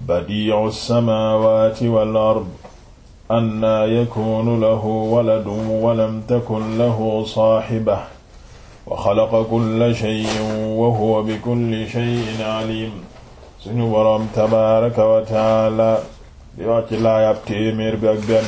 badiicu samaawaati wal ard annaa yakuunu lahu waladun walam takun lahu saaxiba wa xalaqa kulla shayin wa huwa bi kulli shayin alim suñu boroom tabaaraka wa taala di wax ci laayab téeméer bi ak benn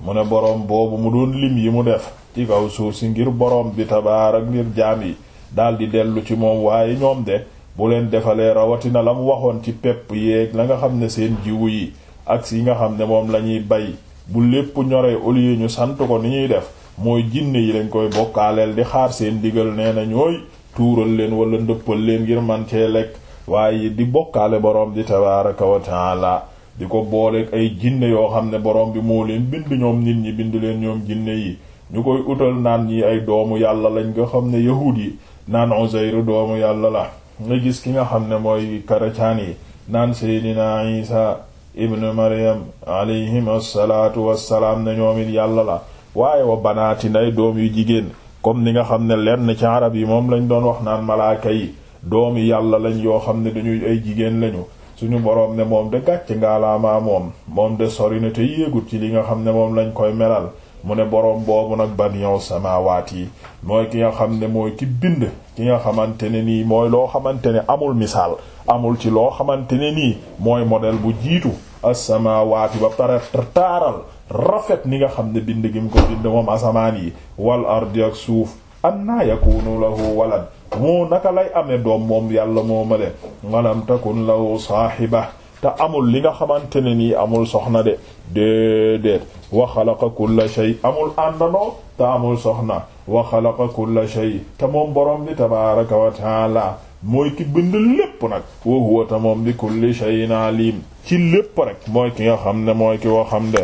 mu ne boroom boobu mu doon lim yi mu def ci kaw suuf si ngir boroom bi tabaarak ngir jaam yi daldi dellu ci moom waaye ñoom de bu leen defalee rawatina la mu waxoon ci pepp yeeg la nga xam ne seen jiwu yi ak yi nga xam ne moom la ñuy bay bu lépp ñoree au ñu sant ko ni ñuy def mooy jinne yi lañ koy bokkaaleel di xaar seen digal nee na ñooy tuural leen wala ndëppal leen ngir man cee lekk waaye di bokkaale borom di tabaraka wa la di ko booleeg ay jinne yoo xam ne borom bi moo leen bind ñoom nit ñi bind leen ñoom jinne yi ñu koy utal naan ñi ay doomu yàlla lañ nga xam ne yahud yi naan Uzayru doomu yàlla la nga gis ki nga xam ne mooy karacaan yi naan seydina isa ibnu maryam alayhim assalaatu wassalaam ne ñoom it yàlla la waaye wa banaati nay doom yu jigéen comme li nga xam ne lenn ci arab yi moom lañ doon wax naan malaaka yi doomi yàlla lañ yoo xam ne dañuy ay jigéen lañu suñu boroom ne moom de gàcc ngaalaamaa moom moom de sori na te yéegut ci li nga xam ne moom lañ koy melal mu ne boroom boobu nag banion samaawaat yi mooy ki nga xam ne mooy ki bind ki nga xamante ne nii mooy loo xamante ne amul misaal amul ci loo xamante ne nii mooy modèle bu jiitu as-samaawaati ba pare taaral rafet ni nga xam ne bind gi mu ko bind moom asamaan yi wal ardi ak suuf anna yakunu lahu walad moo naka lay amee doom moom yàlla moo ma leen walam takun lahu saahiba te amul li nga xamante ne nii amul soxna de déedéet wa xalaqa kulla shay amul àndandoo te amul soxna wa xalaqa kulla shay te moom borom bi tabaaraka wa taala mooy ki bind lépp nag wa huwa ta moom bi kulli shay'in alim ci lépp rek mooy ki nga xam ne mooy ki wa xam de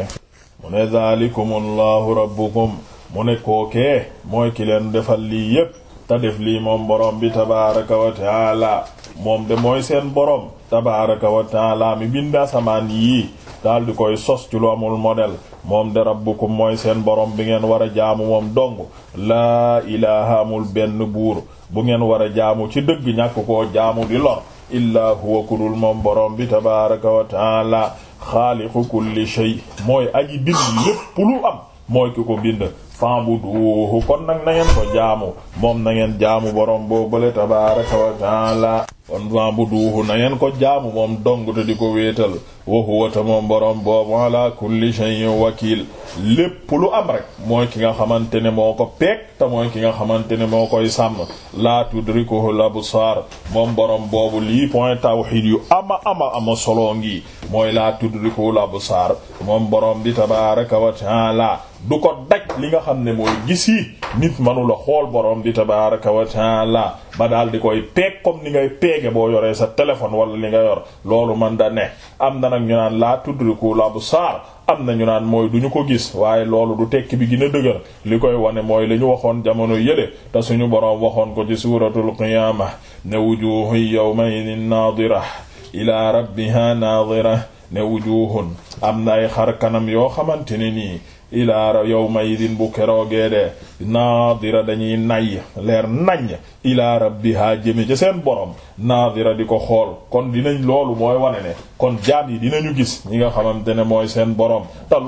mu ne zaalikum allahu rabbukum mu ne kookee mooy ki leen defal lii yépp te def lii moom borom bi tabaaraka wa taala moom de mooy seen borom tabaaraka wa taala mi bind asamaan yii daal di koy sos ci lu amul modèle moom de rabbukum mooy seen borom bi ngeen war a jaamu moom dong laa ilaha amul benn buur bu ngeen war a jaamu ci dëgg ñàkk ko jaamu di lor illaa huwa kudul moom borom bi tabaaraka wa taala xaaliqu kulli shay mooy aji bind lépp lu am mooy ki ko bind fa'buduhu kon nag na ngeen ko jaamu moom nangeen jaamu borom boo bële tabaaraka wa taala kon fa'buduhu na ngeen ko jaamu moom dong te di ko wéetal wa huwa moom borom boobu ala kulli shay'in wakiil lépp lu am rek mooy ki nga xamante ne moo ko peeg te mooy ki nga xamante ne moo koy sàmm la tudrikuhu labsaar moom borom boobu lii point tawxiid yu ama ama ama solo ngi mooy la tudrikuhu labsaar moom borom bi tabaaraka wa taala du ko daj li xam ne mooy gis yi nit manula xool borom di tabaraka wa taala ba dal di koy peeg comme ni ngay peege boo yoree sa téléphone wala li nga yor loolu man da ne am na nag ñu naan laa tudriku la bu saar am na ñu naan mooy du ñu ko gis waaye loolu du tekki bi gina a dëgër li koy wane mooy lañu waxoon jamono yële te suñu boroom waxoon ko ci suuratul qiyaama ne wujuhu yawmaydin naadira ila rabbiha naadira ne wujuhun am na ay xar kanam yoo xamante ilaa yawma idin bu keroogee de naadira dañuy nay leer nañ ilaa rabbiha jëme ja seen borom naadira di ko xool kon dinañ loolu mooy wane kon jaam yi dinañu gis ñi nga xamante ne mooy seen borom tal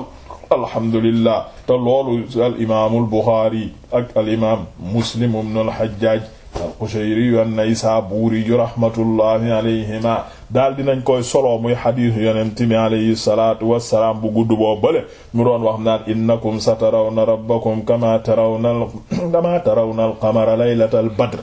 alhamdulillah te loolu al imaamul Buxaari ak al imaam Muslim ibn al Hajjaaj al-Qushayri an-Naysaburi ju rahmatullahi alayhima daal dinañ koy solo muy xadiisu yonent bi alayhi salaatu wassalaam bu gudd boo bële mu doon wax naan innakum satarawna rabbakum kama tarawna kama tarawna al-qamara laylatal badr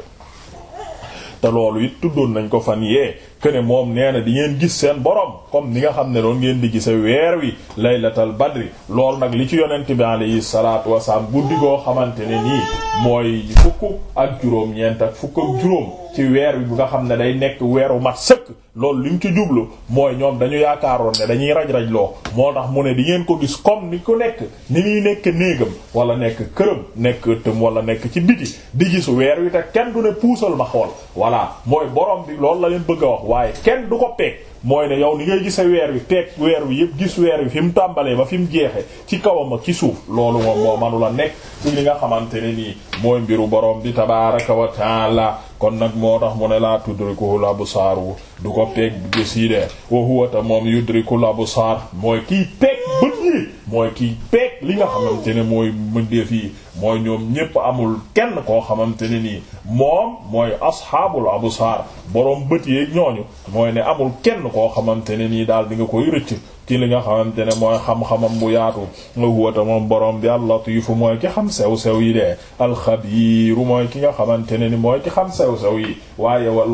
te loolu it tuddoon nañ ko fan yee kene moom nee na di ngeen gis seen borom comme ni nga xam ne doon ngeen di gise weer wi laylatal badri loolu nag li ci yonent bi alayhi salaatu wasalaam guddi goo xamante ne nii mooy fukk ak juróom-ñeent ak fukk ak juróom ci weer wi bu nga xam ne day nekk weeru mat sëkk loolu li mu ci jublu mooy ñoom dañu yaakaaroon ne dañuy raj-raj loo moo tax mu ne di ngeen ko gis comme ni ku nekk ni ñuy nekk néegam wala nekk këram nekk ëttam wala nekk ci biti di gis weer wi te kenn du ne puusal ma xool voilà mooy borom bi loolu la leen bëgg a wax waaye kenn du ko mooy yow ni ngay gise weer wi peeg weer wi yëpp gis weer wi fi mu tàmbalee ba fi mu jeexee ci kawam ak ci suuf loolu moom moo manu nekk ci li nga xamante ne nii mooy mbiru borom bi tabaraka wa taala kon nag moo tax mu ne laa bu labsaaru du ko peeg gis yi de wa huwa ta moom yudrikul absar mooy kiy peeg bët yi mooy kiy peeg li nga xamante ne mooy mu mëndeef yi mooy ñoom ñépp amul kenn koo xamante ne nii moom mooy asxaabul absar boroom bët yi ñooñu mooy ne amul kenn koo xamante ne nii daal di nga koy rëcc ci li xamante ne mooy xam-xamam bu yaatu nga moom borom bi al-latifu mooy ki xam sew-sew yi de al-xabiiru mooy ki nga xamante ne ni mooy ki xam sew-sew yi waaye wal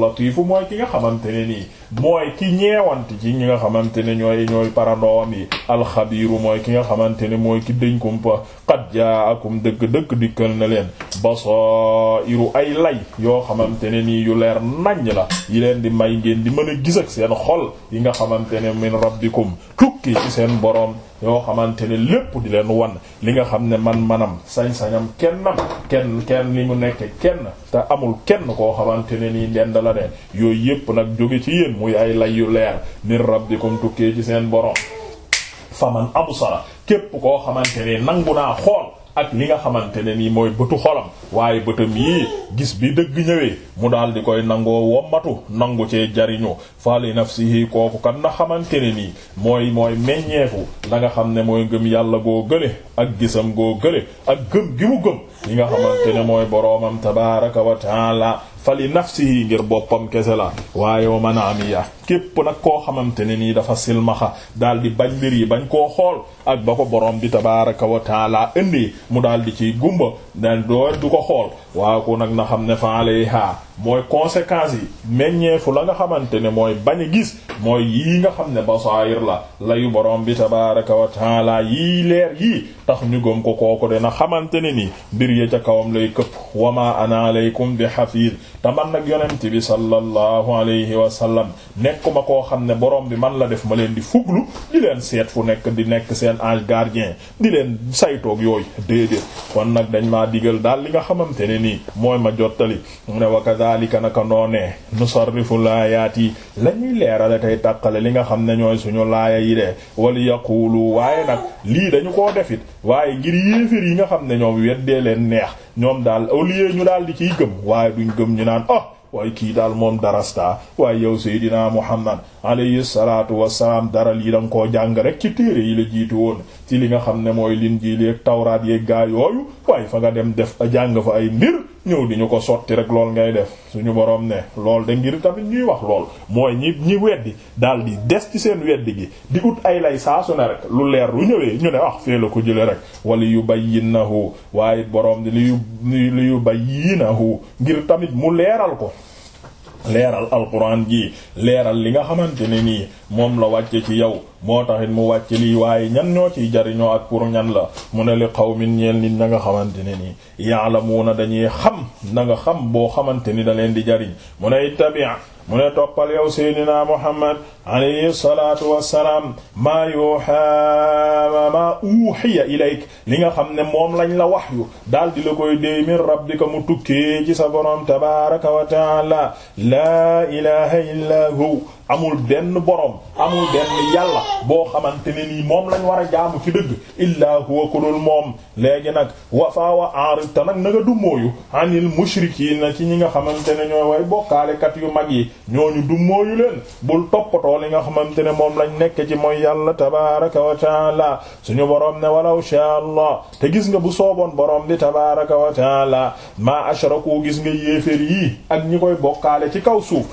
mooy ki nga xamante ne ni nii mooy ki ñeewante ci ñi nga xamante ne ñooy ñooy parandoowam yi alxabiiru mooy ki nga xamante ne mooy ki dëñ kumpa qad jaakum dëgg-dëgg dikkal na leen basairu ay lay yoo xamante ne nii yu leer naññ la yi leen di may ngeen di mën a gis ak seen xol yi nga xamante ne min rabbikum tukki ci seen boroom yoo xamante ne lépp di leen wan li nga xam ne man manam sañ-sañam kennam kenn kenn li mu nekke kenn te amul kenn koo xamante ne nii ndend la de yooyu yépp nag jóge ci yéen muy ay lay yu leer min rabbikum tukkee ci seen borom faman absara képp koo xamante ne nangu naa xool ak li nga xamante ne nii mooy bëtu xolam waaye bëtam yii gis bi dëgg ñëwee mu daal di koy nangoo wommatu nangu cee jariñu fali nafsihi kooku kan na xamante ne nii mooy mooy meññeeku danga xam ne mooy ngëm yàlla goo gële ak gisam goo gële ak gëm gi mu gëm li nga xamante ne mooy boroomam tabaraka wa taala fali nafsihi ngir boppam kese la waaye wa man amiya képp nag koo xamante ne nii dafa silmaxa daal di bañ mbir yi bañ koo xool ak ba ko borom bi tabaraka wa taala indi mu daal di ciy gumba da door du ko xool waaw ko nag na xam ne fa alayha mooy conséquences yi meññeefu la nga xamante ne mooy bañ a gis mooy yii nga xam ne basaayir la layu boroom bi tabaraka wa taala yii leer yii tax ñu gëm ko kooku dina xamante ne nii mbir ya ca kawam lay këpp wama ana aleykum bi hafiz te man nag yonent bi sallallahu alayhi wa nekk nekkuma koo xam ne borom bi man la def ma leen di fuglu di leen seet fu nekk di nekk seen ange gardien di leen saytoog yooyu déedéet kon nag dañ maa digal daal li nga xamante ne nii mooy ma jottali kadhalika naka noonee nusarrifu laayaat yi la ñuy leerale tey tàqale li nga xam ne ñooy suñu laaya yi de wali yaqulu waaye nag lii dañu koo defit waaye ngir yéefér yi nga xam ne ñoom weddee leen neex ñoom daal au ñu daal di ciy gëm waaye duñ gëm ñu naan oh waaye kii daal moom darasta waaye yow Seydina Muhammad alayhi salaatu wassalaam dara lii da ko jàng rek ci téere yi la jiitu woon ci li nga xam ne mooy Linjiil ak Tawraat yeeg gaa yooyu waaye fa nga dem a jàng fa ay mbir ñëw di ñu ko sotti rek lool ngay def suñu borom ne lool de ngir tamit ñuy wax lool mooy ñi ñi weddi daal di des ci seen weddi gi di ut ay lay saa su ne rek lu leer lu ñëwee ñu ne wax ah, fee la ko jële rek wala yu na bayyinahu waaye borom di li yu li yu bayyinahu ngir tamit mu leeral ko leeral alquran ji leeral li nga xamante ne nii moom la wàcce ci yow moo taxit mu wàcce lii waaye ñan ñoo ciy jariñoo ak pour ñan la mu ne li qawmin ñeel li na nga xamante ne nii ya'lamuna dañuy xam na nga xam boo xamante ni da leen di jariñ mu ne tabi'a mu ne toppal yow seydina muhammad alayhi salaatu wassalaam maa yuuhaa maa uuhiya ilayk li nga xam ne moom lañ la waxyu daal di la koy déy min rabbika mu tukkee ci sa borom tabaaraka wa taala laa ilaaha illaa hu amul benn borom amul benn yàlla boo xamante ne nii moom lañ war a jaamu ci dëgg illaa huwa ku dul moom léegi nag wafaawa enrit te nag na nga dummóoyu anil mushrikiina ci ñi nga xamante ne ñooy way bokkaalekat yu mag yi ñooñu dummóoyu leen bul toppatoo li nga xamante ne moom lañ nekk ci mooy yàlla tabaraka wa taala suñu boroom ne walaw sha allah te gis nga bu sooboon boroom di tabaraka wa taala maa ko gis nga yéeféer yii ak ñi koy bokkaale ci kaw suuf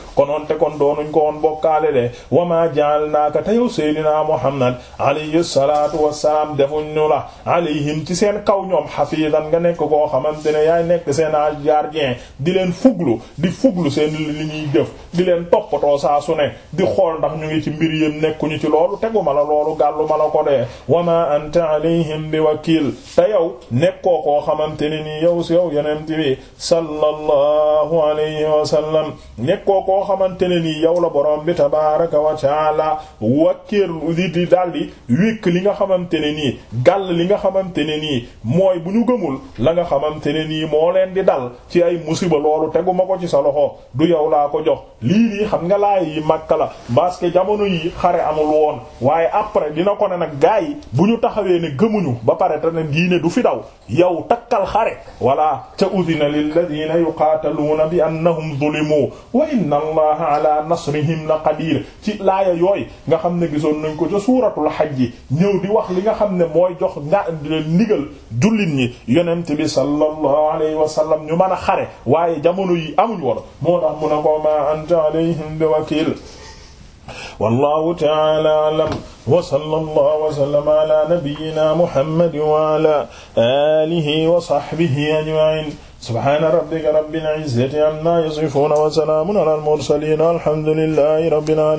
ja'alnaaka te yow seydinaa Muhammad alayhi salaatu wassalaam defuñ ñu la alayhim ci seen kaw ñoom xafiidan nga nekk koo xamante ne yaay nekk seen gardien di leen fuglu di fuglu seen li ñuy jëf di leen toppatoo saa su ne di xool ndax ñu ngi ci mbir yëm nekkuñu ci loolu teguma la loolu gàllu ma ko dee wa ma anta alayhim bi wakiil te yow nekkoo koo ne nii yow si yow yeneen bi sallallahu alayhi wa sallam nekkoo koo xamante la borom bi tabaaraka wa taala taala wakkeer di daal di li nga xamante ne nii gàll li nga xamante ne nii mooy bu ñu gëmul la nga xamante ne nii moo leen di dal ci ay musiba loolu teguma ko ci sa loxo du yow laa ko jox lii nii xam nga laay yi makka la parce que jamono yi xare amul woon waaye après dina ko ne nag gaa yi bu ñu taxawee ne gëmuñu ba pare te ne du fi daw yow takkal xare walla ca udina lilladina yuqaataluuna bi annahum zulimu wa inna allaha ala nasrihim la qadir ci yooy nga xam ne gisoon nañ ko ca suuratul xaj ji ñëw di wax li nga xam ne mooy jox nga ndigal jullit ñi yonent bi sallallahu alayhi wa sallam ñu mën a xare waaye jamono yi amuñ woon moo tax mu ne ko ma anta alayhim bi wakiil wallahu ta'ala a'lam wa sallallahu wa sallama ala nabiyyina muhammadin wa ala alihi wa sahbihi ajma'in subhana rabbika rabbil izzati amma yasifun wa salamun ala al mursalin alhamdulillahi rabbil alamin